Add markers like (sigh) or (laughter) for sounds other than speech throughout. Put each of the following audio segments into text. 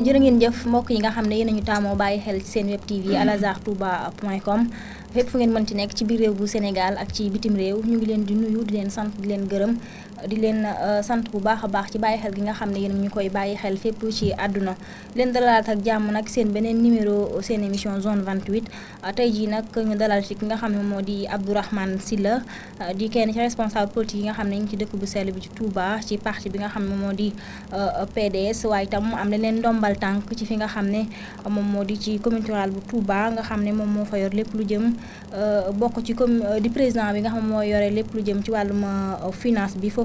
jërë ngeen jëf mbokk yi nga xam ne yéen ñu taamoo bàyyi xel ci seen web tv mm-hmm. alazar touba point com fépp fu ngeen mën ci nekk ci biir réew bu Sénégal ak ci bitim réew ñu ngi leen di nuyu di leen sant di leen gërëm di leen euh, sant bu baax a baax ci bàyyi xel gi nga xam ne yéen ñu koy bàyyi xel fépp ci àdduna leen dalalaat ak jàmm nag seen beneen numéro seen émission zone 28 euh, tey ji nag ñu dalal ki nga xam ne moo di Abdourahmane Sylla euh, di kenn ci responsable politique yi nga xam ne ñu ngi ci dëkk bu sell bi ci Touba ci parti bi nga xam ne moo di PDS waaye itam am na leen ndombal tànk ci fi nga xam ne moom moo di ci commune rurale bu Touba nga xam ne moom moo fa yor lépp lu jëm bokk ci commune di président bi nga xam ne moo yore lépp lu jëm ci wàllum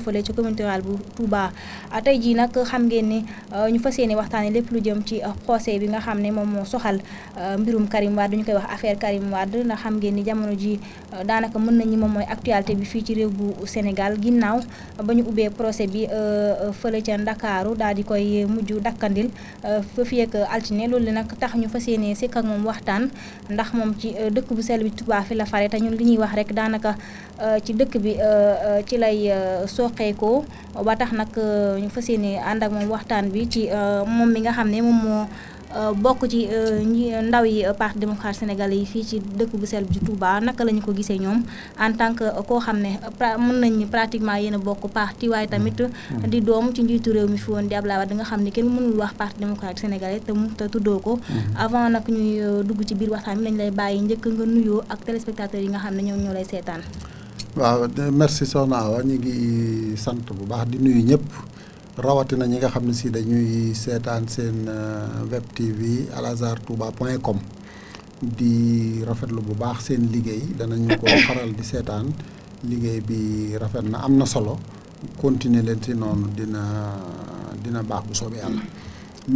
fële ci commune rurale bu Touba ah, tey jii nag xam ngeen ne euh, ñu fas yéene waxtaanee lépp lu jëm euh, bi nga xam ne moom moo soxal euh, mbirum Karim Wade ñu koy wax affaire Karim Wade ndax xam ngeen ni jamono ji fii ci réew bu Sénégal ginnaaw ba ñu bi fële ca Ndakaaru daal di koy mujj dakkandil fa fi ak altine loolu nag tax ñu fas yéene sekk ak moom waxtaan ndax moom ci dëkk bu sell bi Touba fi la fare te ñun li ñuy wax rek daanaka ci dëkk bi ci lay soog soqeekoo ba tax nag euh, ñu fas yéene ànd ak moom waxtaan bi ci euh, moom mi nga xam ne moom moo euh, bokk ci ndaw yi parti démocrate sénégalais yi fii ci dëkk bu sel bi Touba naka la ñu ko gisee ñoom en tant que koo xam ne mën nañ pratiquement yéen a bokk parti waaye mm-hmm. di doom ci njiitu réew mi fi woon di Abdoulaye Wade nga xam ne kenn mënul wax parti démocrate sénégalais te mu te tuddoo ko mm-hmm. avant nag ñuy dugg ci biir waxtaan bi nañ lay bàyyi njëkk nga nuyoo ak téléspectateurs yi nga xam ne ñoom ñoo lay seetaan waaw merci soxna Awa ñu ngi sant bu baax di nuyu ñëpp rawatina ñi nga xam ne si dañuy seetaan seen euh, web TV alazar touba point com di rafetlu bu baax seen liggéey danañu ko (coughs) faral di seetaan liggéey bi rafet na am na solo continuer leen si noonu dina dina baax bu soobee yàlla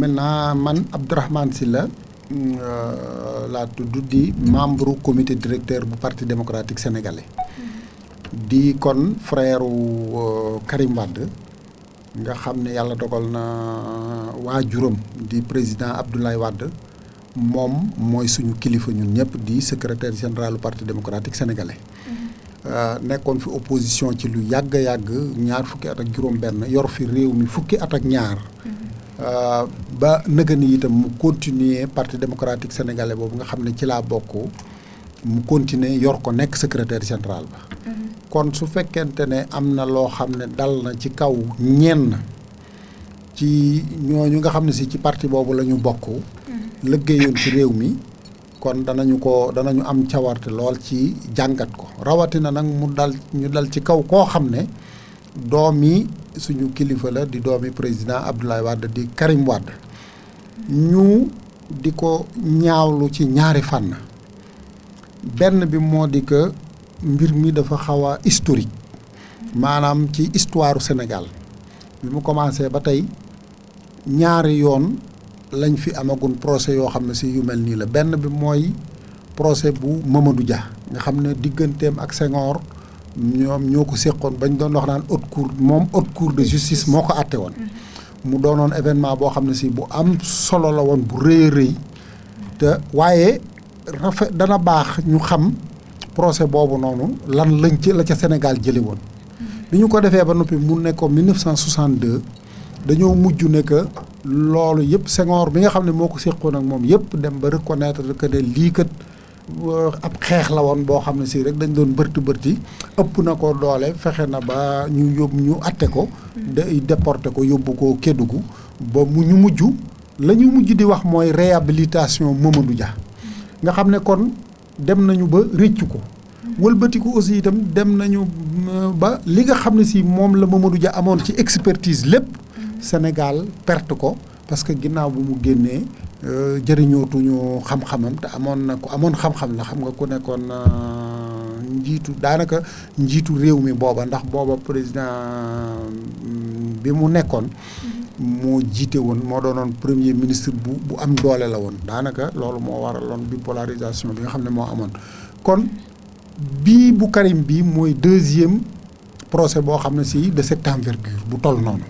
maintenant man Abdourahmane la mm, euh, laa tudd di membre commité directeur bu parti démocratique sénégalais. Mm. di kon frère euh, Karim Wade nga xam ne yàlla dogal na euh, waa juróom di président Abdoulaye wàdd moom mooy suñu kilifa ñun ñëpp di secrétaire général du parti démocratique sénégalais. Mm-hmm. Euh, nekkoon fi opposition ci lu yàgg yàgg ñaar fukki at ak juróom-benn yor fi réew mi fukki at ak ñaar. Mm-hmm. ba nëgë ni itam mu continuer parti démocratique sénégalais boobu nga xam ne ci laa bokk mu continuer yor ko nekk secrétaire général ba. kon su fekkente ne am na loo xam ne dal na ci kaw ñenn ci ñooñu nga xam ne si ci parti boobu lañu ñu bokk. Mm-hmm. liggéeyoon ci réew mi. kon danañu ko danañu am cawarte lool ci jàngat ko rawatina nag mu dal ñu dal ci kaw koo xam ne doomi suñu kilifa la di doomi président Abdoulaye Wade di Karim Wade mm-hmm. ñu di ko ñaawlu ci ñaari fànn benn bi moo di que ngir mi dafa xaw a historique maanaam ci histoire Sénégal bi mu commencé ba tey ñaari yoon lañ fi amagun procès yoo xam ne si yu mel nii la benn bi mooy procès bu Mamadou Dia nga xam ne digganteem ak Senghor ñoom ñoo ko séqoon bañ doon wax naan haute cour moom haute cour de justice moo ko àtte woon mu doonoon événement boo xam ne si bu am solo la woon bu rëy a rëy te waaye rafe dana baax ñu xam procès boobu noonu lan lañ ci la ca Sénégal jëlee woon. bi ñu ko defee ba noppi mu nekkoon 1962 dañoo mujj ne que loolu yëpp Senghor bi nga xam ne moo ko séqoon ak moom yëpp dem ba reconnaître que ne lii kat euh, ab xeex la woon boo xam ne si rek dañ doon bërti bërti ëpp na ko doole fexe na ba ñu yóbbu ñu atte ko. Mm. de déporté ko yóbbu ko Kédougou ba mu ñu mujj la ñu mujj di wax mooy réhabilitation Mamadou Dia mm. nga xam ne kon. dem nañu ba réccu ko wëlbatiku aussi itam dem nañu euh, ba li nga xam ne si moom la Mamadou Dia amoon ci expertise lépp Sénégal perte ko parce que ginnaaw bi mu génnee euh, jëriñootuñu xam-xamam te amoon na ko amoon xam-xam la xam nga ku nekkoon euh, njiitu daanaka njiitu réew mi booba ndax booba président bi mu nekkoon moo jiite woon moo doonoon premier ministre bu bu am doole la woon daanaka loolu moo waral bipolarisation bi bi nga xam ne moo amoon kon bii bu Karim bii mooy deuxième procès boo xam ne si de cette envergure bu tol noonu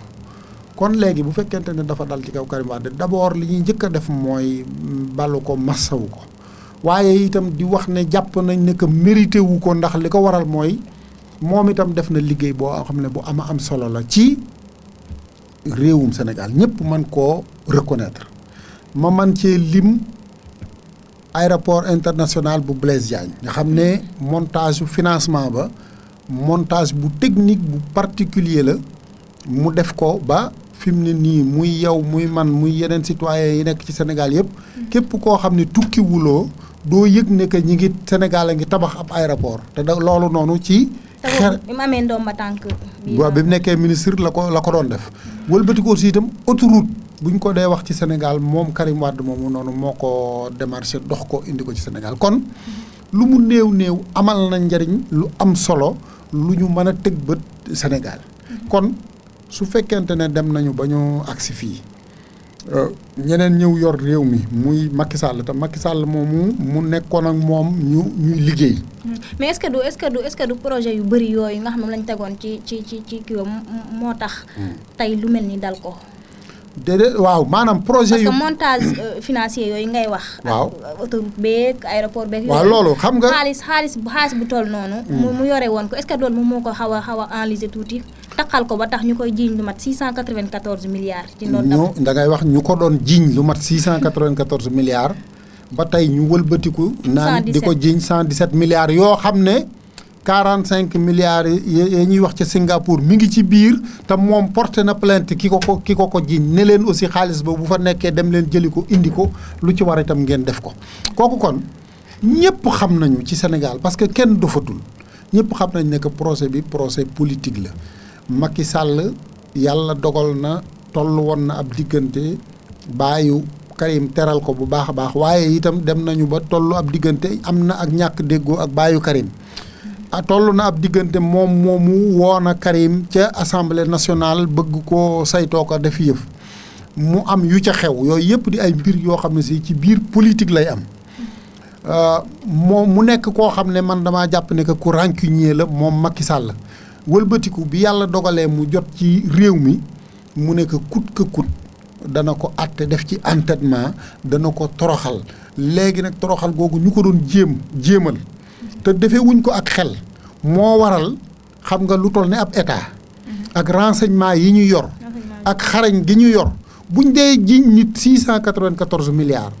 kon léegi bu fekkente ne dafa dal ci kaw Karim Wade d'abord li ñu njëkk a def mooy ballu ko massawu ko waaye itam di wax ne jàpp nañ ne que mérité wu ko ndax li ko waral mooy moom itam def na liggéey boo xam ne bu ama am solo la ci réewum Sénégal ñëpp man koo reconnaître ma man cee lim aéroport international bu Blaise Diagne nga xam ne montage financement ba montage bu technique bu particulier la mu def ko ba fi mu ne nii muy yow muy man muy yeneen citoyen yi nekk ci Sénégal yëpp mm. képp koo xam ne tukki wuloo doo yëg ne ñi ngi Sénégal a ngi tabax ab aéroport te loolu noonu ci xeer bi mu waaw bi mu nekkee ministre la ko la ko doon def wëlbati si itam autoroute bu ñu ko dee wax ci senegal moom Karim Wade moomu noonu moo ko démarché dox ko indi ko ci senegal kon lu mu néew néew amal na njariñ lu am solo lu ñu mën a tëg bët Sénégal mm-hmm. kon su fekkente ne dem nañu ba ñu agsi fii Euh, ñeneen ñëw yor réew mi muy Macky Sall te Macky Sall moomu mu nekkoon ak moom ñu ñuy liggéey. Hmm. mais est-ce que du est que du est-ce que du projet yu bëri yooyu nga xam moom lañ tegoon ci ci ci ci kii moo tax. Hmm. tey lu mel ni dal ko. déedéet waaw maanaam projet yu montage euh, financier yooyu ngay wax. (coughs) waaw euh, autoroute beeg aéroport beeg. waaw loolu xam nga xaalis xaalis bu xaalis bu toll noonu. Hmm. mu yore woon ko est-ce moo ko xaw a xaw a enlisé tuuti. taqal ko ba tax ñu koy jiiñ lu mat 694 milliards. ci loolu ñu da ngay wax ñu ko doon jiiñ lu mat 694 milliards ba tey ñu wëlbatiku. naan di ko jiiñ 117 milliards yoo xam ne. 45 milliards yi ñuy wax ca Singapour mi ngi ci biir te moom porté na plainte ki ko ko ko ko jiiñ ne leen aussi xaalis ba bu fa nekkee dem leen jëli ko indi ko lu ci war itam ngeen def ko kooku kon ñëpp xam nañu ci Sénégal parce que kenn dofatul ñëpp xam nañ ne que procès bi procès politique la makki sàll yàlla dogal na toll woon na ab diggante baayu Karim teral ko bu baax a baax waaye itam dem nañu ba toll ab diggante am na ak ñàkk déggoo ak baayu Karim a toll na ab diggante moom moomu woon a Karim ca assemblée nationale bëgg koo saytoo ko def yëf mu am yu ca xew yooyu yëpp di ay mbir yoo xam ne si ci biir politique lay am euh, moom mu nekk koo xam ne man damaa jàpp ne que ku rancunier moom Macky Sall wëlbatiku bi yàlla dogalee mu jot ci réew mi mu nekk kut ka kut dana ko àtte def ci entêtement dana ko toroxal léegi nag toroxal googu ñu ko doon jéem jéemal te defee ko ak xel moo waral xam nga lu toll ne ab état mm-hmm. ak renseignement yi ñu yor ak xarañ gi ñu yor buñ dee jiñ nit 694 milliards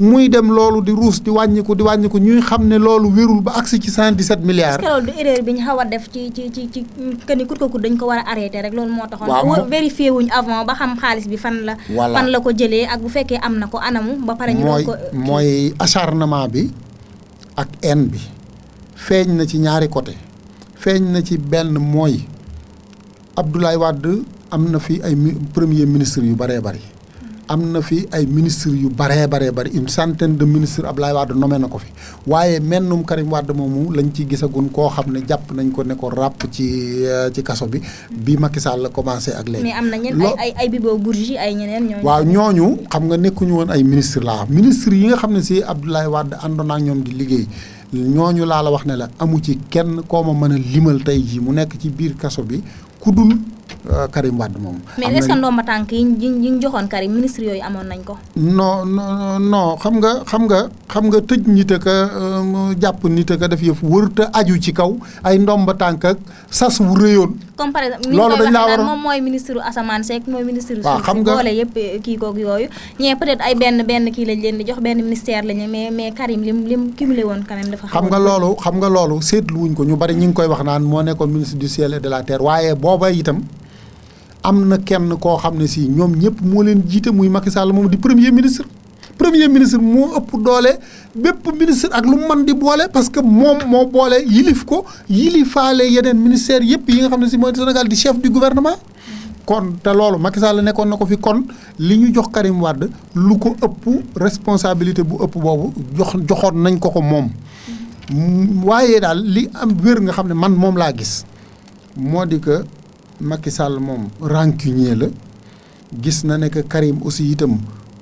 muy dem loolu di ruus di wàññiku di wàññiku ñuy xam ne loolu wérul ba agsi ci cent dix-sept milliards. est-ce que bi ñu xaw a def ci ci ci ci que ni kut ko kut dañ ko war a arrêté rek loolu moo taxoon. waaw vérifié wuñ avant ba xam xaalis bi fan la. fan la ko jëlee ak bu fekkee am na ko anamu. ba pare ñu doon ko mooy acharnement bi ak haine bi feeñ na ci ñaari côté feeñ na ci benn mooy Abdoulaye Wade am na fi ay premier ministre yu baree bari. am na fi ay ministres yu baree baree bari une centaine de ministre Ablaye Wade nommé na ko fi waaye mennum Karim Wade moomu lañu ci gisagun koo xam ne jàpp nañ ko ne ko ràpp ci euh, ci kaso bi bi Macky Sall la commencé ak léegi. mais am na ay ay Bibo Bourgi ay ñeneen ñooñu. waaw ñooñu xam nga nekkuñu woon ay ministres laa ministres yi nga xam ne si Abdoulaye Wade àndoon ak ñoom di liggéey. ñooñu laa la wax ne la amu ci kenn koo ma mën a limal tey jii mu nekk ci biir kaso bi ku dul Euh, Karim Wade moom. mais est ce ndomba tànk yi ñu joxoon Karim ministre yooyu amoon nañ ko. non non non xam nga xam nga xam nga tëj nit ak euh, jàpp nit ak def yëf wërta aju ci kaw ay ndomba tànk ak sas wu rëyoon. comme par exemple loolu dañ laa war moom mooy ministre euh, yooyu. ñee peut être ay benn benn kii lañ leen di jox benn ministère lañu mais mais Karim lim lim cumulé woon quand dafa. xam nga loolu xam nga loolu seetlu wuñ ko ñu bari ñu ngi koy wax naan moo nekkoon ministre du ciel de la terre waaye booba itam. am na kenn koo xam ne si ñoom ñëpp moo leen jiite muy Macky moom di premier ministre premier ministre moo ëpp doole bépp ministre ak lu mu mën di boole parce que moom moo boole yilif ko yilifaale yeneen ministère yëpp yi nga xam ne si mooy Sénégal di chef du guvernement kon te loolu Macky la nekkoon na ko fi kon li ñu jox Karim Wade lu ko ëpp responsabilité bu ëpp boobu jox joxoon nañ ko ko moom mm-hmm. waaye daal li am wér nga xam ne man moom laa gis moo di que Macky Sall moom rancunier la gis na ne que Karim aussi itam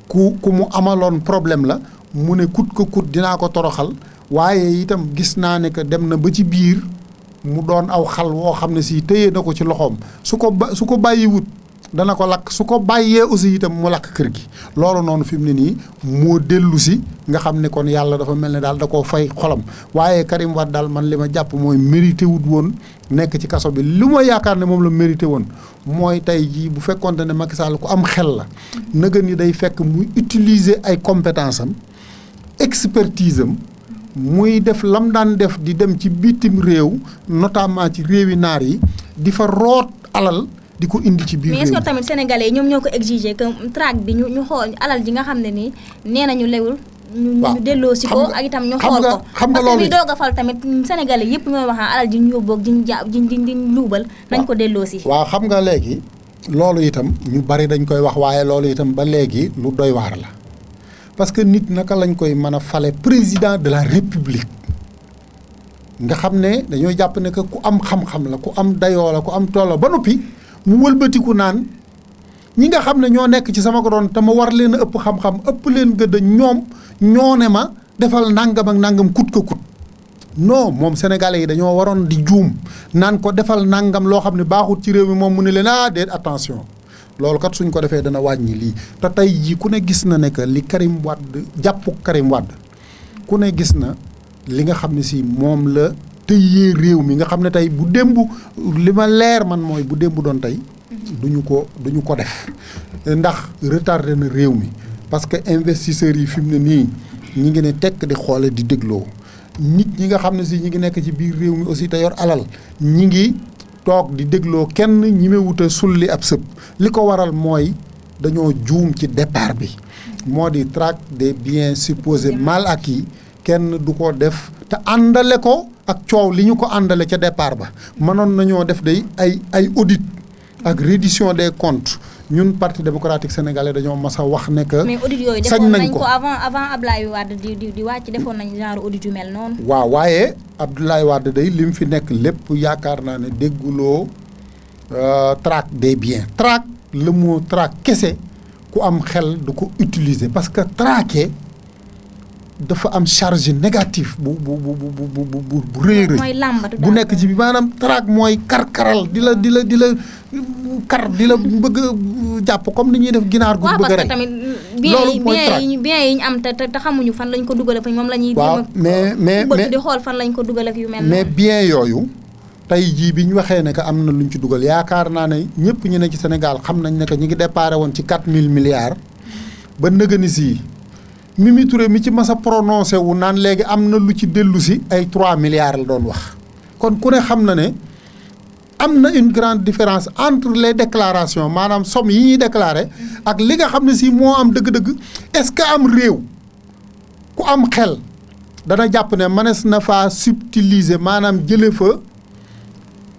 ku ku mu amaloon problème la mu ne kut ko kut dinaa ko toroxal waaye itam gis naa ne que dem na ba ci biir mu doon aw xal woo xam ne si téye na ko ci loxoom su ko ba su ko bàyyiwut dana ko lakk su ko bàyyee aussi itam mu lakk kër gi loolu noonu fi mu ne nii moo dellu si nga xam ne kon yàlla dafa mel ne daal da koo fay xolam waaye Karim wat daal man li ma jàpp mooy mérité wut woon nekk ci kaso bi lu ma yaakaar ne moom la mérité woon mooy tey jii bu fekkoonte ne Macky Sall ku am xel la nëgën ni day fekk muy utilise ay compétence am expertise am muy def lam daan def di dem ci bitim réew notamment ci réewi naar yi di fa root alal di ko indi ci biir réew mi mais est tamit sénégalais yi ñoom ñoo ko exiger que traque bi ñu ñu xool alal ji nga xam ne nii nee nañu lewul. waaw ñu delloo si ko ak itam ñu xool ko xam nga loolu parce que doog a fal tamit sénégalais yëpp ñooy wax alal ji ñu yóbboog ji ñu ja ji ñu luubal. ko delloo si. waaw xam nga léegi loolu itam ñu bari dañ koy wax waaye loolu itam ba léegi lu doy la parce que nit naka lañ koy mën a fale président de la république nga xam ne dañoo jàpp ne que ku am xam-xam la ku am dayoo la ku am tool ba noppi. mu wëlbatiku naan ñi nga xam ne ñoo nekk ci sama doon te ma war leen a ëpp xam-xam ëpp leen gëdd ñoom ñoo ne ma defal nangam ak nangam kut ko kut non moom sénégalais yi dañoo waroon di juum naan ko defal nangam loo xam ne baaxut ci réew mi moom mu ne leen ah déet attention loolu kat suñ ko defee dana wàññi lii te tey jii ku ne gis na ne que li Karim Wade jàppu Karim Wade ku ne gis na li nga xam ne si moom la. tëyee réew mi nga xam ne tey bu démb li ma leer man mooy bu démb doon tey duñu ko duñu ko def ndax retardé na réew mi parce que investisseurs yi fi mu ne nii ñi ngi ne tekk di xoole di dégloo nit ñi nga xam ne si ñi ngi nekk ci biir réew mi aussi te yor alal ñi ngi toog di dégloo kenn ñimewut a sulli ab sëb li ko waral mooy dañoo juum ci départ bi moo di traque des biens supposés mal yi kenn du ko def te àndale ko ak coow li ñu ko àndale ca départ ba mënoon nañoo def day ay ay audit ak reddition des comptes ñun parti démocratique sénégalais dañoo mas a wax ne que. sañ nañ ko mais nañ ko avant avant Abdoulaye Wade di di di wàcc defoon nañ genre audit yu mel noonu. waaw waaye Abdoulaye Wade day lim fi nekk lépp yaakaar naa ne dégguloo euh, traque des biens traque le mot traque kese ku am xel du ko utiliser parce que traquer. dafa am charge négative bu bu bu bu bu bu bu rëy rëy bu nekk ci bi maanaam traque mooy karkaral di la di la di la kar di la bëgg jàpp comme ni ñuy def ginaar gu bëgg a rey loolu mooy traque bien yi ñu am te te xamuñu fan lañ ko dugal ak moom la ñuy waaw mais mais bëgg di xool fan lañ ko dugal ak yu mel mais bien yooyu tey jii bi ñu waxee ne que am na luñ ci dugal yaakaar naa ne ñëpp ñu ne ci Sénégal xam nañ ne que ñu ngi déparé woon ci 4000 milliards ba nëgëni si Mimi Touré mi ci mas a prononcé wu naan léegi am na lu ci dellu si ay 3 milliards la doon wax kon ku ne xam na ne am na une grande différence entre les déclarations maanaam somme yi ñuy déclaré ak li nga xam ne si moo am dëgg-dëgg est-ce que am réew ku am xel dana jàpp ne mënees na faa subtiliser maanaam jële fa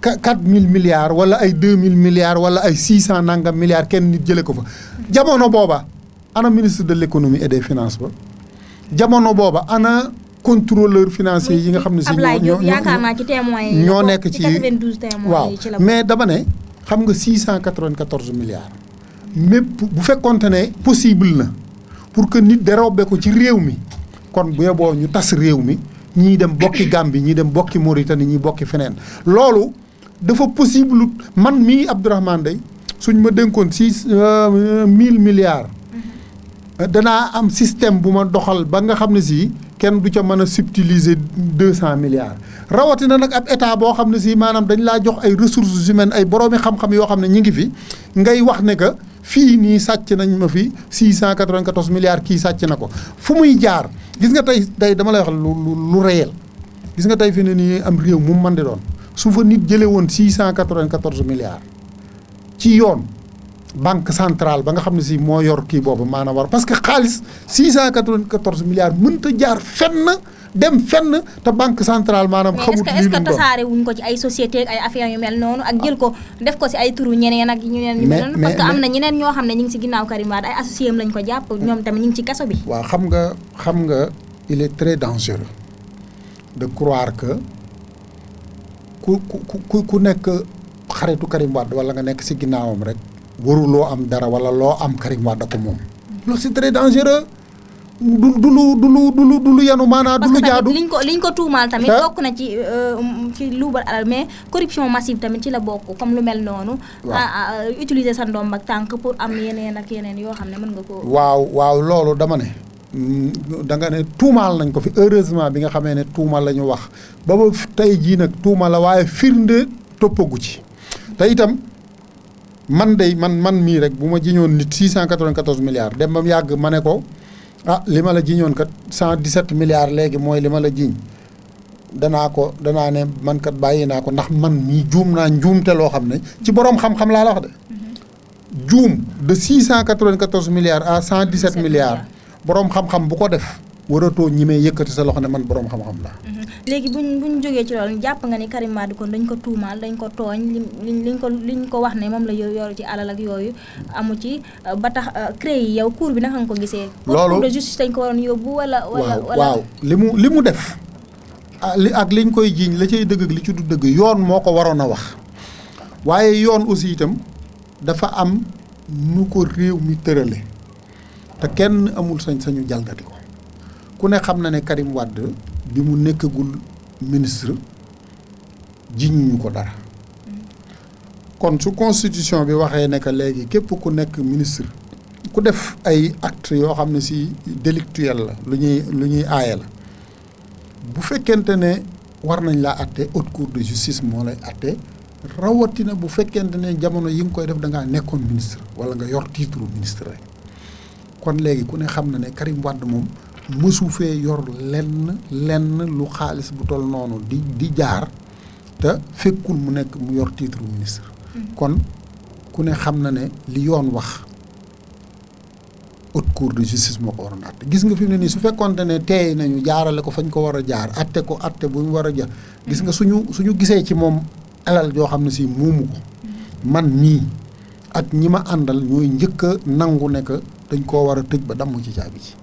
quatre mille milliards wala ay deux mille milliards wala ay six cent nangam milliards kenn nit jële ko fa jamono booba ana ministre de l' économie et ba jamono booba ana contrôleur financier yi nga xam ne si. ñoo ñoo nekk ci waaw mais dama ne xam nga 694 milliards. mépp bu fekkonte ne possible na pour que nit dérobé ko ci réew mi kon bu yeboo ñu tas réew mi ñii dem bokki Gambie ñii dem bokki Mauritanie ñii bokki feneen loolu dafa possible man mii Abdourahmane day suñ ma dénkoon six euh, mille milliards danaa am système bu ma doxal ba nga xam ne si kenn du ca mën a subtiliser deux cent milliards rawatina nag ab état boo xam ne sii maanaam dañ laa jox ay ressources humaines ay boroomi xam-xam yoo xam ne ñi ngi fi ngay wax ne que fii nii sàcc nañ ma fi six cent quatre-vingt-quatorze milliards kii sàcc na ko fu muy gis nga tey tey dama lay wax lu lu réel gis nga tey fi nii am réew mu mën di doon su fa jëlee woon six cent quatre-vingt-quatorze milliards ci yoon. banque centrale ba nga xam ne si moo yor kii boobu na war parce que xaalis 694 milliards mënta jaar fenn dem fenn te banque centrale maanaam. xamut lii lu mu doon mais est-ce que ko ci ay société ak ay affaires yu mel noonu. ak jël ko def ko si ay turu ñeneen ak. ñeneen ñu mel noonu parce que am na ñeneen ñoo xam ne ñu ngi si ginnaaw Karim Wade ay associé am lañ ko jàpp ñoom tamit ñu ngi ci kaso bi. waaw xam nga xam nga il est très dangereux de croire que ku ku ku ku nekk xaritu Karim Wade wala nga nekk si ginnaawam rek. waruloo am dara wala loo am Karim Wade da ko moom loolu c'est très dangereux du lu du lu du lu du lu yanu maanaa du lu jaadu liñ ko liñ ko tuumaal tamit bokk na ci euh, ci luubal alal mais corruption massive tamit ci la bokk comme lu mel noonu ah, ah, euh, utiliser sa ndomb ak tànk pour am yeneen ak yeneen yoo xam ne mën nga ko waaw waaw loolu dama ne mm, da nga ne tuumaal nañ ko fi heureusement bi nga xamee ne tuuma la ñu wax ba ba tey jii nag tuuma la waaye firnde toppagu ci te itam man dey man man mii rek bu ma jiñoon nit 694 milliards dem ba mu yàgg ma ne ko ah li ma la cent kat 117 milliards léegi mooy li ma la jiñ danaa ko danaa ne man kat bàyyi naa ko ndax man mii juum naa njuumte loo xam ne ci boroom xam-xam laa la wax de. Mm-hmm. juum de 694 milliards à 117 milliards boroom xam-xam bu ko def waratoo ñi may yëkkati sa loxo ne man borom xam-xam laa. Mm-hmm. léegi buñ ñu jógee ci loolu jàpp nga ni Karim Wade kon dañ ko tuumaal dañ ko tooñ liñ liñ ko ñu ko wax ne moom la yoru ci alal ak yooyu amu ci ba tax euh, CREI yi yow cour bi naka nga ko gisee. loolu cour de justice dañ ko waroon yóbbu wala. wala li mu li mu def. Ah, li ak liñ koy jiiñ la cay dëgg ak li ci du dëgg yoon moo ko waroon a wax waaye yoon aussi itam dafa am mu ko réew mi tërale te kenn amul sañ-sañu jalgati ko ku ne xam na ne Karim Wade. bi mu nekkagul ministre ji ñu ko dara kon su constitution bi waxee ne léegi képp ku nekk ministre ku def ay acte yoo xam ne si délictuel la lu ñuy lu ñuy aaye la bu fekkente ne war nañ laa atte haute cour de justice moo lay atte rawatina bu fekkente ne jamono yi nga koy def dangaa nekkoon ministre wala nga yor titre ministre kon léegi ku ne xam na ne Karim Wade moom mësu fee yor lenn lenn lu xaalis bu tol noonu di di jaar te fekkul mu nekk mu yor titre ministre mm-hmm. kon ku ne xam na ne li yoon wax haute cour de justice moo ko waroon àtte gis nga fi ne nii su fekkonte ne teey nañu jaarale ko fañ ko war a jaar atte ko atte bu ñu war a jaar gis nga mm-hmm. suñu suñu gisee ci moom alal joo xam ne si muumu ko mm-hmm. man nii ak ñi ma àndal ñooy njëkka nangu ne dañ koo war a tëj ba damm ci caabi ci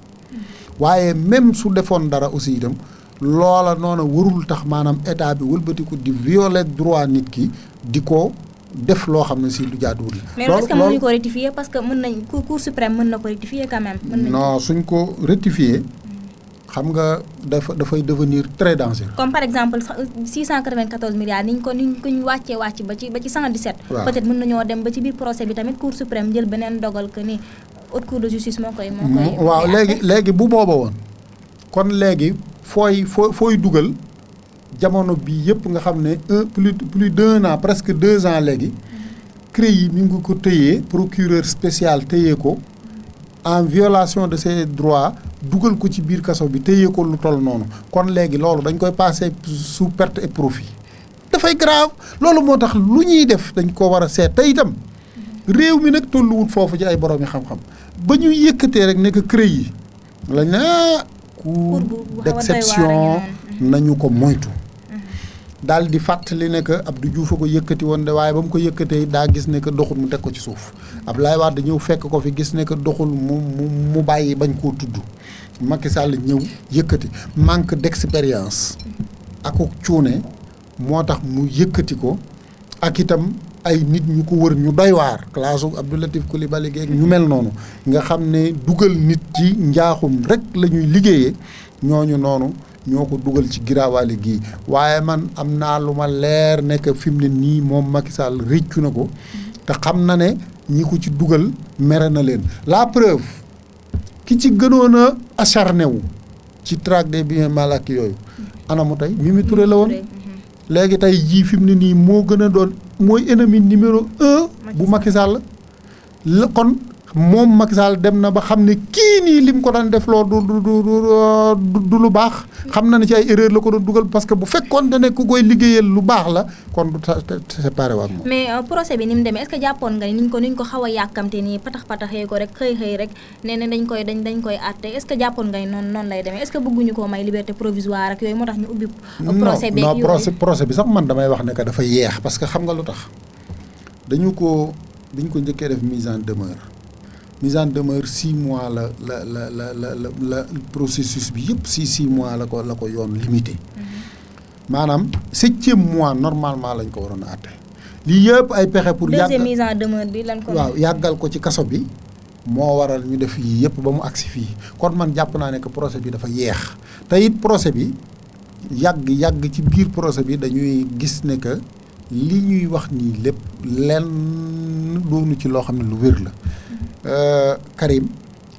waaye même su defoon dara aussi itam loola noona warul tax maanaam état bi wëlbatiku di violer droit nit ki di ko def loo xam ne si lu jaaduwul mais est-ce que mënuñu ko rectifier parce que mën nañ cour suprême mën na ko rectifier quand même. non suñ ko rectifier xam nga dafa dafay devenir très dangereux. comme par exemple 694 milliards niñ ko niñ ko ñu wàccee wàcc ba ci ba ci 117. waaw peut nañoo dem ba ci biir procès bi tamit cour suprême jël beneen dogal que ni haute cour de justice moo koy. moo koy waaw léegi léegi bu booba woon. kon léegi fooy foo fooy dugal jamono bi yëpp nga xam ne un plus plus d'un an presque deux ans léegi. Mm-hmm. CREI mi ngi ko téyee procureur spécial téyee ko. en violation de ses droits dugal ko ci biir kaso bi téye ko lu toll noonu kon léegi loolu dañ koy passé su perte et profit dafay grave loolu moo tax lu ñuy def dañ ko war a seet te itam réew mi nag tolluwut foofu ci ay borom yi xam-xam ba ñu yëkkatee rek nekk CREI yi lañ na ah, cour d'exception nañu ko moytu daal di fàttali ne que ab Diouf a ko yëkkati woon de waaye ba mu ko yëkkatee daa gis ne que doxul mu teg ko ci suuf laay Abdoulaye da ñëw fekk ko fi gis ne que doxul mu mu mu bàyyi bañ koo tudd Macky Sall ñëw yëkkati manque d'expérience ak cuune moo tax mu yëkkati ko ak itam ay nit ñu ko wër ñu doy waar classe Abdou Latif Coulibaly geeg ñu mel noonu nga xam ne dugal nit ci njaaxum rekk lañuy liggéeye liggéeyee ñooñu noonu. ñoo ko dugal ci giraawaale gii waaye man am naa lu ma leer nekk fim ne nii moom Macky Sall réccu na ko te xam na ne ñi ko ci dugal mere na leen la preuve ki ci gënoon a acharné wu ci traque des biens mal acquis yooyu ana mu tey Mimi Touré la woon mhm. léegi tey jii fi mu ne nii moo gën a doon mooy ennemi numéro bu Macky Sall moom Macky Sall dem na ba xam ne kii nii mu ko daan def loo du du du lu baax xam na ne ci ay erreur la ko doon dugal parce que bu fekkoon ne ku koy liggéeyal lu baax la kon du séparé waat mais euh, procès bi ni mu demee est-ce jàppoon nga ni ñu ko ni ñu ko xaw a yàkkamte nii patax pataxee ko rek xëy xëy rek koy dañ dañ koy àtte est-ce jàppoon nga ni noonu lay demee est-ce que bëgguñu koo may liberté provisoire ak yooyu moo tax ñu ubbi. dafa yeex parce que xam nga lu tax dañu ko dañ ko njëkkee def mise en demeure mise en demeure six mois la la la la la la processus bi yëpp si six mois la ko la ko yoon limité mm-hmm. maanaam septième mois normalement lañ ko waroon a àtte lii yëpp ay pexe pour. yàgg mise en demeure bi lan yàggal ko ci kaso bi moo waral ñu def yii yëpp ba mu agsi fii kon man jàpp naa ne que procès bi dafa yeex te it bi yàgg yàgg ci biir procès bi dañuy gis ne que. li ñuy wax nii lépp lenn doonu ci loo xam ne lu wér la euh, Karim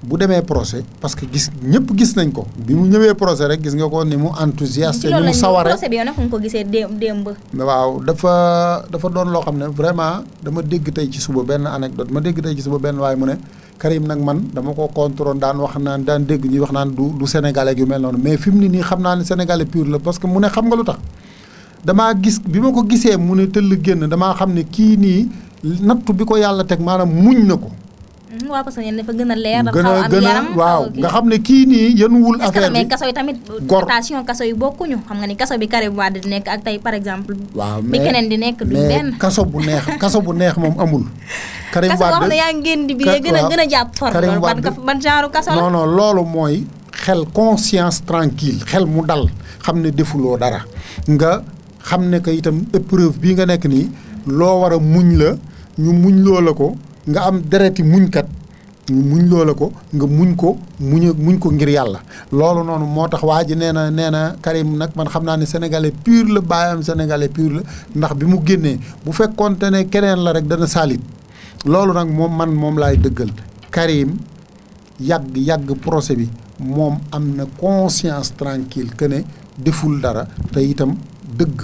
bu demee procès parce que gis ñëpp gis nañ ko bi mu ñëwee procès rek gis nga ko ni mu enthousiaste ni mu saware procès bi yow naka nga ko gisee démb loo xam ne vraiment dama dégg tey ci suba benn anecdote ma dégg tey mu ne Karim nag man dama ko contrôle daan wax naan daan dégg ñuy wax naan du du sénégalais yu mel noonu mais fi mu ne nii xam naa ne pur la parce que mu ne xam nga lu tax damaa gis bi ma ko gisee mu ne tëll génn damaa xam ne kii nii nattu bi ko yàlla teg maanaam muñ na ko. Mm, waaw parce que dafa gën a leer. xaw a am yaram ah, xam ne kii nii yënuwul affaire bi. kaso yi tamit. gor station kaso yi bokkuñu xam nga ni kaso bi Karim Wade di ak tey par exemple. waaw mais bi nekk du benn. kaso bu neex kaso bu neex moom amul. (laughs) Karim Wade kaso boo xam ne yaa ngi di bi gën a gën a jàpp for. Karim Wade ban genre kaso la. non non loolu mooy xel conscience tranquille xel mu dal xam ne defuloo dara xam ne que itam épreuve bii nga nekk nii loo war a muñ la ñu muñ loo la ko nga am dereti muñkat ñu muñ loo la ko nga muñ ko muñ muñ ko ngir yàlla loolu noonu moo tax waa ji nee na nee na Karim nag man xam naa ne sénégalais pur la baayam sénégalais pur la ndax bi mu génnee bu fekkoonte ne keneen la rek dana saalit loolu nag moom man moom laay dëggal Karim yàgg yàgg procès bi moom am na conscience tranquille que ne deful dara te itam dëgg.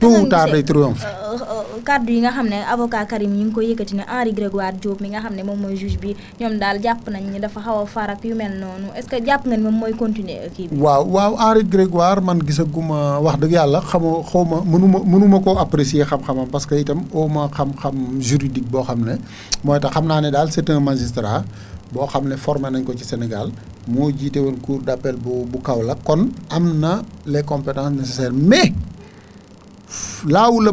tôt ou tard day triomphe euh, euh, euh, kaddu yi nga xam ne avocat Karim ñu ngi ko yëkkati ne Henri Grégoire Diop mi nga xam ne moom mooy juge bi ñoom daal jàpp nañ ni dafa xaw a far ak yu mel noonu est-ce que jàpp nga ni moom mooy continuer kii bi. waaw waaw Grégoire man gisaguma wax dëgg yàlla xamoo xaw ma mënuma mënuma ko apprécier xam-xamam parce que itam au moins xam-xam juridique boo xam ne mooy tax xam naa ne daal c'est un magistrat boo xam ne formé nañ ko ci Sénégal moo jiite woon cour d'appel bu bu Kaolack kon am na les compétences nécessaires mais. là où le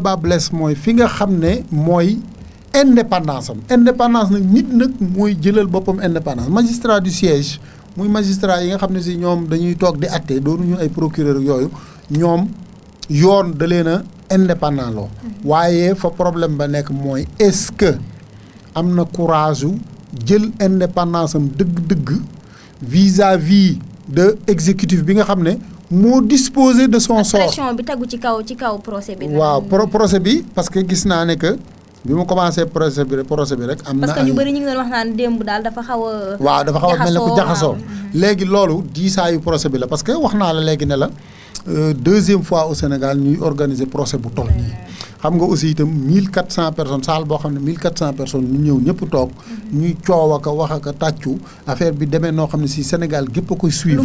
mooy fi nga xam ne mooy indépendance am indépendance nag nit nag mooy jëlal boppam indépendance magistrat du siège muy magistrat yi nga xam ne si ñoom dañuy toog di atte doonuñu ay procureur yooyu ñoom yoon da leen a indépendant loo mm-hmm. waaye fa problème ba nekk mooy est que am na courage u jël indépendance am dëgg-dëgg vis-à-vis de exécutif bi nga xam ne moo disposer de son sort pression bi tegu ci kaw ci kaw procès bi. waaw pro procès bi parce que gis naa ne que bi mu commencé procès bi procès bi rek. am na parce que ñu bëri ñu ngi doon wax naan démb daal dafa xaw a. waaw dafa xaw a mel ne ku jaxasoo léegi loolu diisaayu procès bi la parce que wax naa la léegi ne la euh, deuxième fois au Sénégal ñuy organiser procès bu toll nii. xam nga aussi itam mille 1400 personnes salle boo xam ne 1400 personnes ñu ñëw ñëpp toog ñuy coow ak a wax ak a tàccu affaire bi demee noo xam ne si Sénégal gépp a koy suivre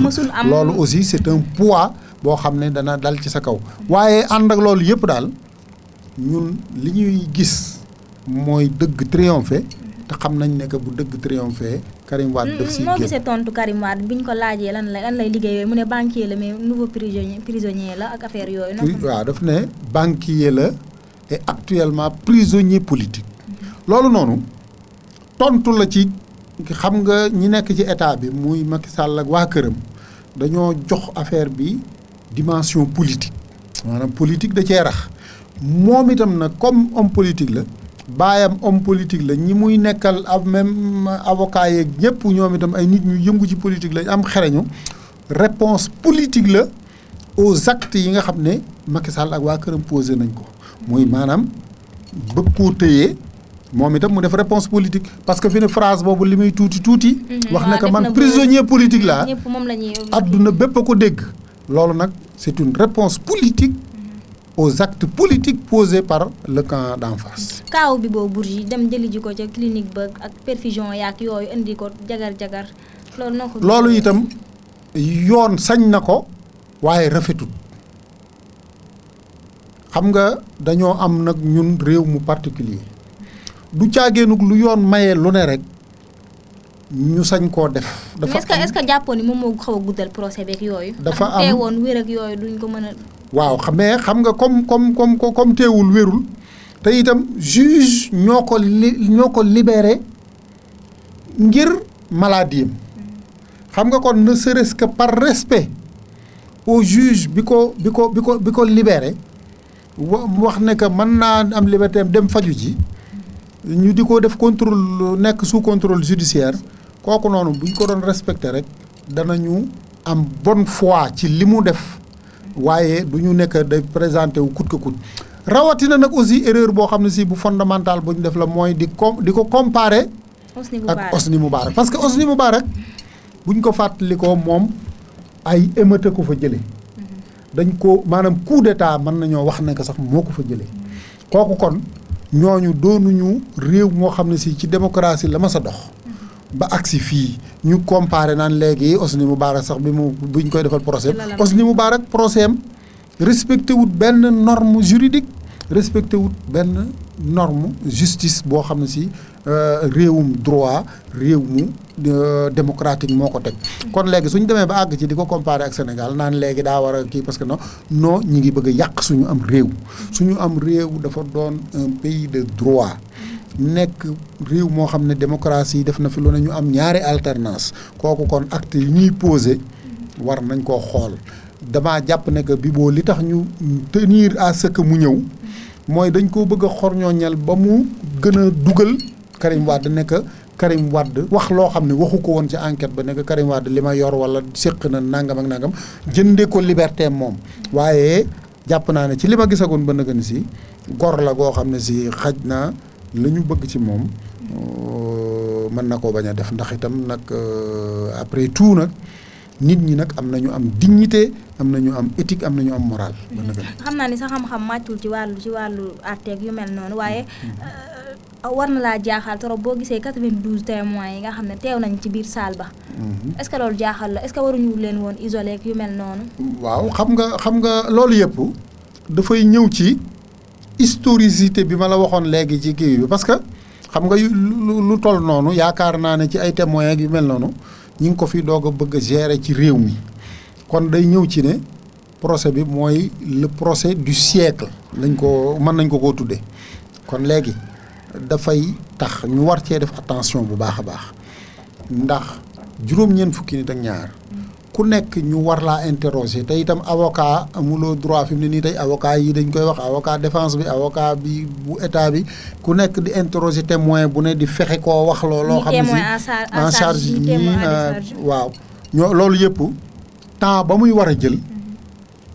loolu aussi c'est un boo xam ne dana dal ci sa kaw waaye ànd ak loolu yëpp daal ñun li ñuy gis mooy dëgg triompher te xam nañ ne que bu dëgg triompher Karim Wade daf siy génn. noo tontu Karim Wade biñ ko laajee lan lay lan lay mu ne banquier la mais nouveau affaire yooyu. waaw daf ne banquier la. est actuellement prisonnier politique loolu noonu tontu la ci xam nga ñi nekk ci état bi muy Macky Sall ak waa këram dañoo jox affaire bi dimension politique maanaam politique da cee rax moom itam na comme homme politique la baayam homme politique la ñi muy nekkal ak même avocat yeeg ñëpp ñoom itam ay nit ñu yëngu ci politique lañ am xereñu réponse politique la aux actes yi nga xam ne Macky Sall ak waa këram posé nañ ko muy maanaam bëgg koo téye moom itam mu def réponse politique parce que fi ne phrase boobu li muy tuuti tuuti. Mhm. wax naka ko man prisonnier politique laa. ñëpp moom la ñuy adduna bépp a ko dégg. loolu nag c'est une réponse politique. Mhm. aux actes politiques posés par le camp d'en face. kaaw bi boobu Bourgi dem jëli ji ko ca clinique ba ak perfusion yaak yooyu indi ko jagar jagar loolu noo itam yoon sañ na ko waaye rafetul. xam nga dañoo am nag ñun réew mu particulier du caageenug lu yoon mayee lu ne rek ñu sañ koo def. dafa est-ce que est ni moom moo xaw a guddal procès beeg dafa am teewoon wér ak yooyu duñ ko mën waaw mais xam nga comme comme comme comme teewul wérul te itam juge ñoo ko li ñoo ngir maladie mm. xam nga kon ne serait-ce que par bi ko bi ko bi ko bi ko libéré. wa wax ne que mën naa am liberté dem faju ji ñu di ko def contrôle nekk sous contrôle judiciaire kooku noonu buñ ko doon respecté rek dana danañu am bon foi ci li mu def waaye du ñu nekk day présenté wu coûte que coûte rawatina nag aussi erreur boo xam ne si bu fondamental bu ñu def la mooy di com di ko comparé. ak Hosni Moubarak parce que Hosni Moubarak bu buñ ko fàttalikoo moom ay émeute ko fa jëlee. dañ ko maanaam coup d'état mën nañoo wax ne sax moo ko fa jëlee kooku kon ñooñu doonuñu réew moo xam ne si ci démocratie la ma sa dox. ba agsi fii ñu comparé naan léegi mu Moubarak sax bi mu buñ koy defal procès ni mu procès am respecté wut benn norme juridique. respecté wut benn norme justice boo xam ne si euh, réewum droit réew mu euh, démocratique moo ko teg. kon léegi suñu demee ba àgg ci di ko comparé ak Sénégal naan léegi daa war a kii parce que non non ñi ngi bëgg yàq suñu am réew. suñu am réew dafa doon un pays de droit. nekk réew moo xam ne démocratie def na fi lu ne ñu am ñaari alternance kooku kon acte yi ñuy posé war nañ koo xool. damaa jàpp ne que boo li tax ñu tenir à ce mu ñëw mooy dañ koo bëgg a ba mu gën a dugal Karim Wade ne que Karim Wade wax loo xam ne waxu ko woon ci enquête ba nekk que Karim Wade li ma yor wala séq na nàngam ak nangam jëndee ko liberté moom waaye jàpp naa ne ci li ma gisagoon ba nëgën si gor la goo xam ne si xaj naa la ñu bëgg ci moom euh, mën na koo bañ a def ndax itam nag euh, après tout nag nit ñi nag am na ñu am dignité am na ñu am éthique am na ñu am morale. xam naa ni sa xam-xam màccul ci wàllu ci wàllu arteeg yu mel noonu waaye mm-hmm. euh, war na laa jaaxal trop boo gisee 92 témoins yi nga xam ne teew nañ ci biir salle ba. Mm-hmm. est-ce que jaaxal la est-ce que waruñu leen woon isolé ak yu mel noonu. waaw xam nga xam nga loolu yëpp dafay ñëw ci historicité bi ma la waxoon léegi ci kii bi parce que xam nga lu toll noonu yaakaar naa ne ci ay témoins ak yu mel noonu. ñu ngi ko fi doog a bëgg a gérer ci réew mi kon day ñëw ci ne procès bi mooy le procès du siècle lañ koo mën nañ ko ko tuddee kon léegi dafay tax ñu war cee def attention bu baax a baax ndax juróom-ñeent fukki nit ak ñaar ku nekk ñu war laa interroger tey itam avocat amuloo droit fi mu ne nii tey avocat yi dañ koy wax avocat défense bi avocat bi bu état bi ku nekk di interroger témoin bu ne di fexe koo wax looloo loo xam ne en charge nii euh, waaw ñoo loolu yëpp temps ba muy war a jël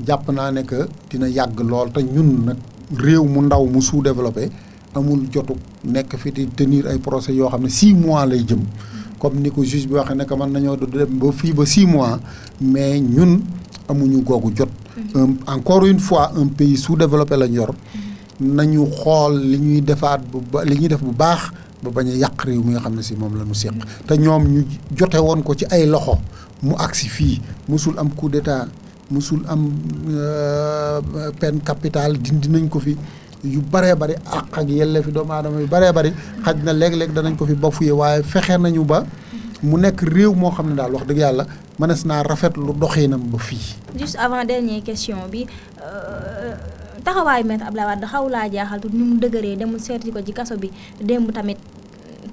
jàpp naa ne que dina yàgg lool te ñun nag réew mu ndaw mu suu développé amul jotu nekk fi tenir ay procès yoo xam ne six mois lay jëm comme ni ko juge bi waxee ne mën nañoo dem ba fii ba six mois mais ñun amuñu googu jot. Mm-hmm. encore une fois un pays su développé la ñor mm-hmm. nañu xool li ñuy defaat bu li ñuy def bu baax ba bañ a yàq réew mi nga xam ne si moom la ñu séq mm-hmm. te ñoom ñu jote woon ko ci ay loxo mu agsi fii mosul am coup d'état musul am euh, peine capitale dindi nañ ko fi. yu bëree bëri ak ak yelle fi doomu adama yu bëree bëri xaj na léeg-léeg danañ ko fi bafuye waaye fexe nañu ba mu nekk réew moo xam ne daal wax dëgg yàlla mënees naa rafetlu doxinam ba fii. juste avant dernière question bi euh, taxawaayu maître Abdoulaye Wade xaw laa jaaxal tuuti ni mu dëgëree demul seeti ko ci kaso bi démb tamit.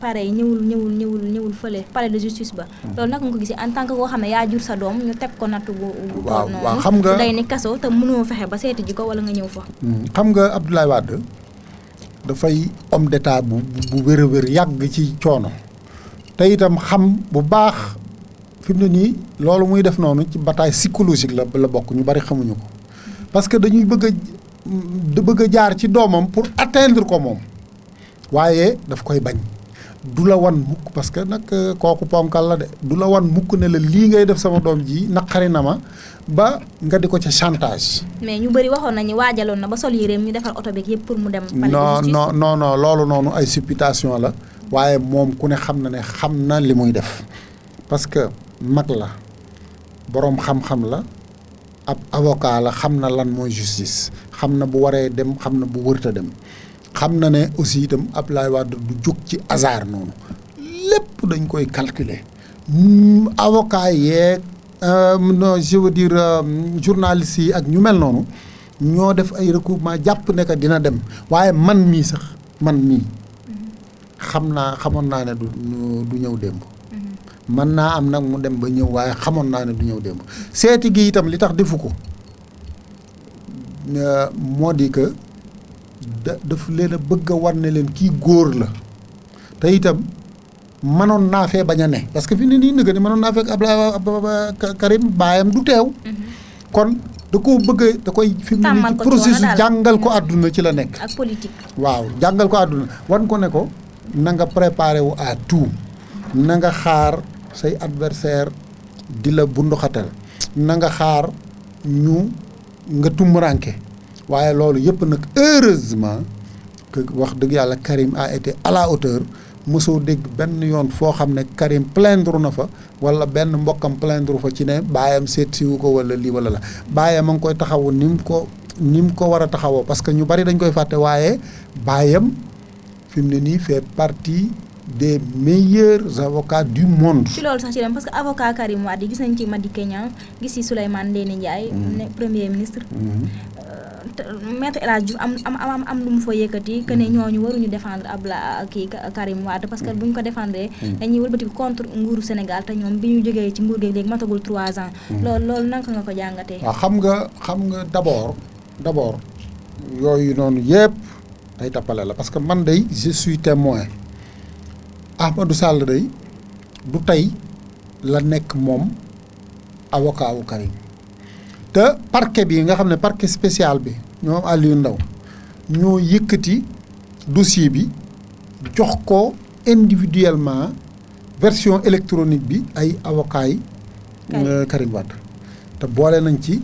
pare ñëwul ñëwul ñëwul ñëwul fële palais de justice ba hmm. loolu naka nga ko gisee en tant que koo xam ne yaa jur sa doom ñu teg ko nattu bu bu toog noonu day ni kaso mënoo fexe ba seeti ji ko wala nga ñëw fa hmm, xam nga Abdoulaye Wade dafay homme d'état bu bu wér a wér ci coono te itam xam bu baax fi ne nii loolu muy def noonu ci bataille psychologique la la bokk bari xamuñu ko parce que dañuy bëgg a da bëgg a jaar ci doomam pour atteindre ko moom waaye daf koy bañ du la wan mukk parce que nag euh, kooku ponkal la de du la wan mukk ne la lii ngay def sama doom ji naqari na ma ba nga di ko ca chantage. mais ñu bëri waxoon nañu waajaloon na ba sol yéreem ñu defar oto beeg yëpp pour mu dem. non non non non loolu noonu ay supputation la waaye moom ku ne xam na ne xam na li muy def parce que mag la boroom xam-xam la ab avocat la xam na lan mooy justice xam na bu waree dem xam na bu wërta dem. xam na ne aussi itam Abdoulaye Wade du jóg ci hasard noonu lépp dañ koy calculer mm, avocat yee euh, je euh, yi ak ñu mel noonu ñoo def ay recoupement jàpp ne que dina dem waaye man mii sax man mii xam naa xamoon naa ne du du ñëw démb. mën mm-hmm. naa am nag mu dem ba ñëw waaye xamoon naa ne du ñëw démb seeti gi itam li tax defu ko euh, moo di que da daf leen a bëgg a war ne leen kii góor la te itam mënoon naa fee bañ a ne parce que fi ne nii nëgë ne mënoon naa fekk Abdoulaye Karim baayam du teew mhm. kon da koo bëgg a da koy fi mu ne ci processus jàngal ko mhm. àdduna ci la nekk ak politique waaw jàngal ko àdduna wan ko ne ko na nga préparé wu à tout na nga xaar say adversaire di la bunduxatal na nga xaar ñu nga tumuranke waaye loolu yëpp nag heureusement que wax dëgg yàlla Karim a été à la hauteur mosoo dégg benn yoon foo xam ne Karim plaindre na fa wala benn mbokkam plaindre fa ci ne baayam seet ko wala lii wala la baayam a ngi koy taxawu ni mu ko ni mu ko war a taxawoo parce que ñu bari dañ koy fàtte waaye baayam fi mu ne nii fait partie des meilleurs avocats du monde. ci loolu sax ci dem parce que avocat Karim Wade gis nañ ci Madické Niang gis ci Souleymane Ndéné Ndiaye. Mm. ne maître El Hadj Diouf am am am am lu mu fa yëkkati que ne mm-hmm. ñooñu waruñu défendre Abla kii Karim Wade parce que mm-hmm. bu ñu ko défendre. Mm-hmm. dañuy wëlbatiku contre nguuru Sénégal te ñoom bi ñu jógee ci nguur gi léegi matagul trois ans. loolu loolu naka nga ko jàngatee. waaw xam nga xam nga d' abord d' abord yooyu noonu yëpp ay tappale la parce que man day je suis témoin Ahmadou Sall day du tey la nekk moom avocat wu Karim. te parquet bi nga xam ne parquet spécial bi ñoom Aliou ndaw ñoo yëkkati dossier bi jox ko individuellement version électronique bi ay awokaay yi euh, te boole nañ ci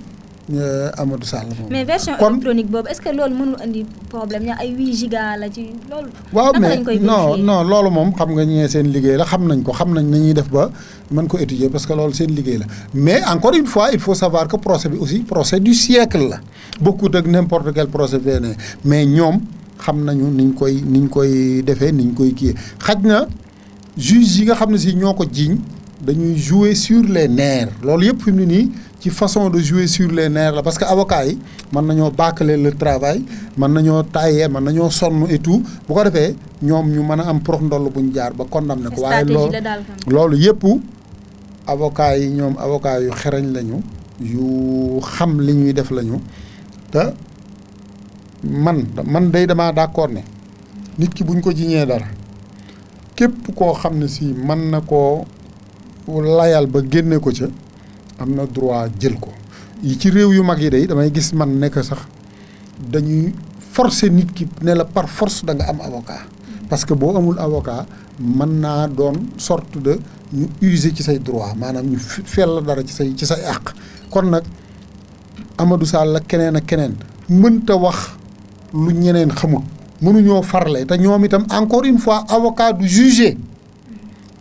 Euh, Amadou Sall moom. mais version électronique boobu est-ce que loolu mënul andi problème ña ay 8 giga la ci loolu. waaw loolu moom xam nga ñee seen liggéey la xam nañ ko xam nañ nañuy def ba mën ko étudier parce que loolu seen liggéey la mais encore une fois il faut savoir que procès bi aussi procès du siècle la bokkut ak n'importe quel procès véné e. mais ñoom xam nañu niñ koy niñ koy defee ni ñu koy kiiyee xaj na juge yi nga xam ne si ñoo ko jiiñ dañuy jouer sur les nerfs loolu yëpp fi mu nii ci façon de jouer sur les nerfs la parce que avocat yi mën nañoo bâcler le travail mën nañoo taayee mën nañoo sonn et bu ko defee ñoom ñu mën a am prox ndoll bu jaar ba ne ko. waaye loolu loolu yëpp avocat yi ñoom avocat yu xereñ lañu yu xam li ñuy def lañu te man man day damaa d'accord ne nit ki buñ ko jiñee dara képp koo xam ne si mën na ko layal ba génne ko ca am na droit jël ko yi ci réew yu mag yi day damay gis man nekk sax dañuy force nit ki ne la par force da nga am avocat parce que boo amul avocat mën naa doon sorte de ñu user ci say droit maanaam ñu fel la dara ci say ci say àq kon nag Amadou Sall la keneen ak keneen mënta wax lu ñeneen xamul mënuñoo farle te ñoom itam encore une fois avocat du jugé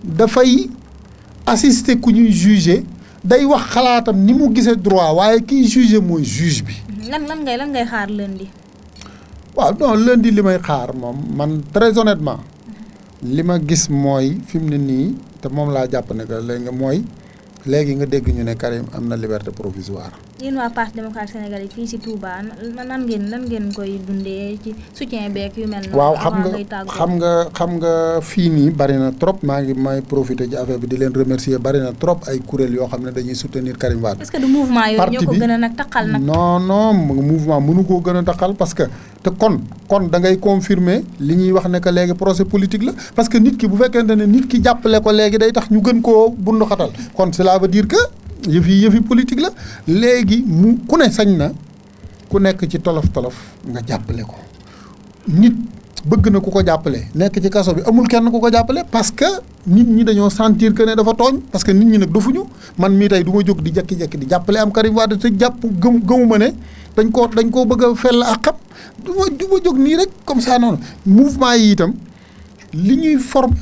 dafay assister ku ñuy juger day wax xalaatam ni mu gisee droit waaye kiy juger mooy juge bi. lan lan ngay lan ngay xaar lundi. waaw non lundi li may xaar moom man très honnêtement. Mhm. li ma gis mooy fi mu ne nii te moom laa jàpp ne que léegi mooy léegi nga dégg ñu ne Karim am na liberté provisoire. yéen waa parti démocratique sénégalais fii si Touba nan ngeen nan ngeen koy dundee ci soutien beeg yu mel. waaw xam nga xam nga xam nga fii nii bari na trop maa ngi may profité ci affaire bi di leen remercier barina trop ay kuréel yoo xam ne dañuy soutenir Karim Wade. est que du mouvement yooyu ñoo ko gën a nag taqal nag. non non mouvement mënu koo gën a taqal parce que te kon kon da ngay confirmer li ñuy wax ne que léegi procès politique la parce que nit ki bu fekkente ne nit ki jàppale ko léegi day tax ñu gën koo bundu xatal kon cela veut dire que. yëfi yëfi politique la léegi mu ku ne sañ na ku nekk ci tolof tolof nga jàppale ko nit bëgg na ku ko jàppale nekk ci kaso bi amul kenn ku ko jàppale parce que nit ñi dañoo sentir que dafa tooñ parce que nit ñi nag ñu man mii tey du ma jóg di jekki-jekki di jàppale am Karim Wade te jàpp gëm gëmuma ne dañ koo dañ koo bëgg a fell ak xam du ma du jóg nii rek comme ça noonu mouvement yi itam li ñuy formé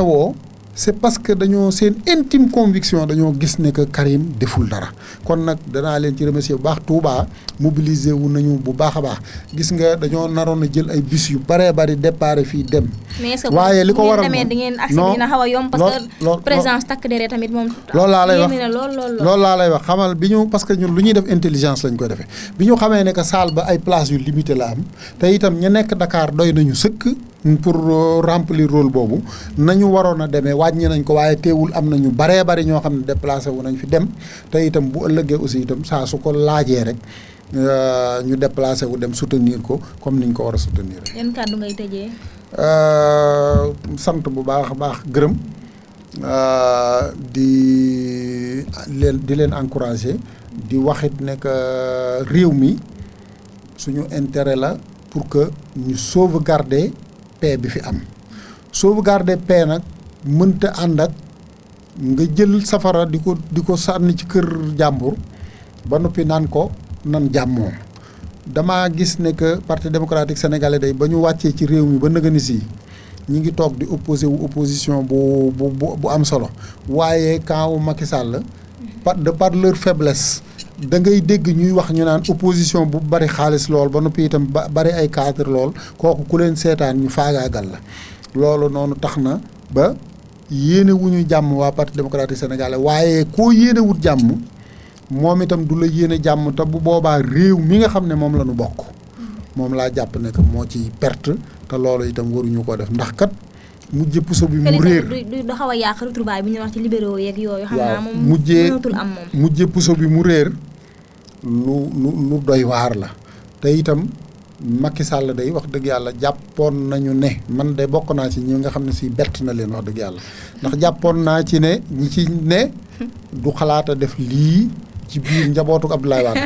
c'est parce que dañoo seen intime conviction dañoo gis ne que Karim deful dara kon nag danaa leen ci remercier bu baax Touba mobiliser wu nañu bu baax a gis nga dañoo naroon a jël ay bus yu baree bari départ fii dem. waaye li ko waral moom mais est ce que xaw a yomb parce que présence takk dere tamit moom. laa lay wax loolu laa lay wax xamal bi ñu parce que ñun lu ñuy def intelligence lañ koy defee bi ñu xamee ne que salle ba ay place yu limité la am te itam ñu nekk Dakar doy nañu sëkk. pour euh, remplir role boobu nañu waroon a demee wàññi nañ ko waaye teewul am na ñu baree bari ñoo xam ne déplacé wu nañ fi dem te itam bu ëllëgee aussi itam saa su ko laajee rek Euh, ñu déplacé wu dem soutenir ko comme niñ ko war a soutenir. yan kàddu ngay tëjee. Euh, sant bu baax a baax gërëm euh, di leen di leen encouragé di waxit ne que réew mi suñu intérêt la pour que ñu sauvegarder paix bi fi am sauvegarder paix nag mënta ànd ak nga jël safara di ko di ko sànni ci kër jàmbur ba noppi naan ko. nan jàmmoo dama gis ne que parti démocratique sénégalais day ba ñu wàccee ci réew mi ba nëgëni si ñi ngi toog di opposé wu opposition bu bu bu am solo waaye kaawu Macky Sall par de par leur faiblesse da dégg ñuy wax ñu naan opposition bu bari xaalis lool ba noppi itam ba bari ay cadre lool kooku ku leen seetaan ñu faagaagal la loolu noonu tax na ba yéene wu ñu jàmm waa parti démocratique sénégalais waaye koo yéene jàmm. moom itam du la yéene jàmm te bu boobaa réew mi nga xam ne moom la bokk moom laa jàpp ne moo ci perte te loolu itam waruñu ko def ndax kat mujj puso bi mu réer a yàq bi ñu wax ci libéraux yeeg yooyu. xam naa moom mujjee mënatul bi mu réer lu lu lu doy waar la te itam makki sàll day wax dëgg yàlla jàppoon nañu ne man de bokk naa ci ñi nga xam ne si bett na leen wax dëgg yàlla ndax jàppoon naa ci ne ñi ci ne du xalaata def lii. ci biir njabootu Abdoulaye Wade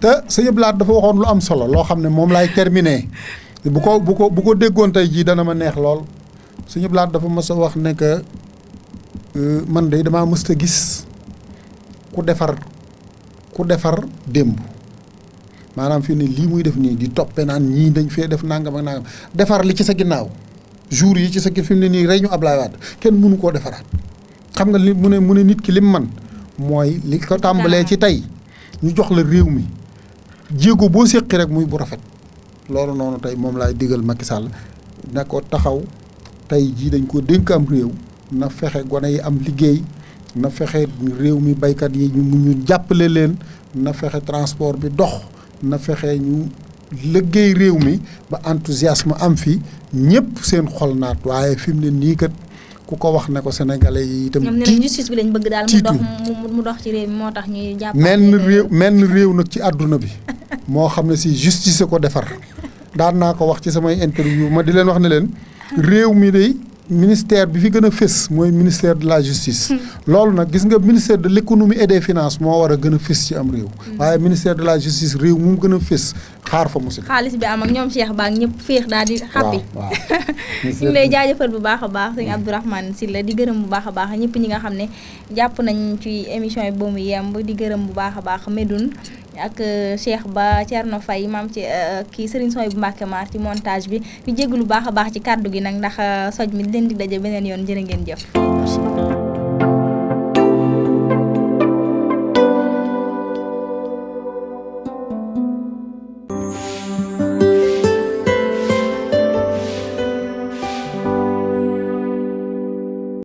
te sëñ Abdoulaye dafa waxoon lu am solo loo xam ne moom laay terminer bu ko bu ko bu ko déggoon tey jii dana ma neex lool sëñ Abdoulaye dafa mës a wax ne que euh, man de damaa mës a gis ku defar ku defar démb maanaam fii ne lii muy def nii di toppe naan ñii dañ fee def nangam ak defar li ci sa ginnaaw jour yi ci sa fi ne nii rey ñu Abdoulaye Wade kenn mënu koo defaraat xam nga li mu ne mu ne nit ki lim man mooy li ko tàmbalee ci tey ñu jox la réew mi jéego boo séqi rek muy bu rafet loolu noonu tey moom laay diggal Macky Sall na ko taxaw tey jii dañ ko dénk am réew na fexe gone yi am liggéey na fexe réew mi baykat yi ñu ñu jàppale leen na fexe transport bi dox na fexe ñu liggéey réew mi ba enthousiasme am fi ñëpp seen xol naat waaye fi mu ne nii kat ku ko wax ne ko sénégalais yi itam. ñoom nee na justice bi lañ bëgg daal mu dox mu dox ci réew mi moo tax ñuy jàpp. menn réew menn réew nag ci àdduna bi moo xam ne si justice ko defar (laughs) daan naa ko wax ci samay interview ma di leen wax ne leen réew mi day. ministère bi fi gën a fës mooy ministère de la justice. Hmm. loolu nag gis nga ministère de l' et des finances moo war a gën a fës ci am réew. Hmm. waaye ministère de la justice réew mu gën a fës xaar fa mu si. xaalis bi am ak ñoom Cheikh Ba ak ñëpp féex daal di. xàppi (laughs) ñu ngi lay jaajëfal bu baax a baax sëñ si hmm. Sylla di gërëm bu baax a baax ñëpp ñi nga xam ne jàpp nañ ci émission yi ba mu yemb di gërëm bu baax a baax Medoune ak euh, Cheikh Ba Thierno fay maam ci kii Serigne Soy bu Mbacke maar ci montage bi ñu jégg lu baax a baax ci kàddu gi nag ndax euh, soj mi leen di daje beneen yoon jërë ngeen jëf.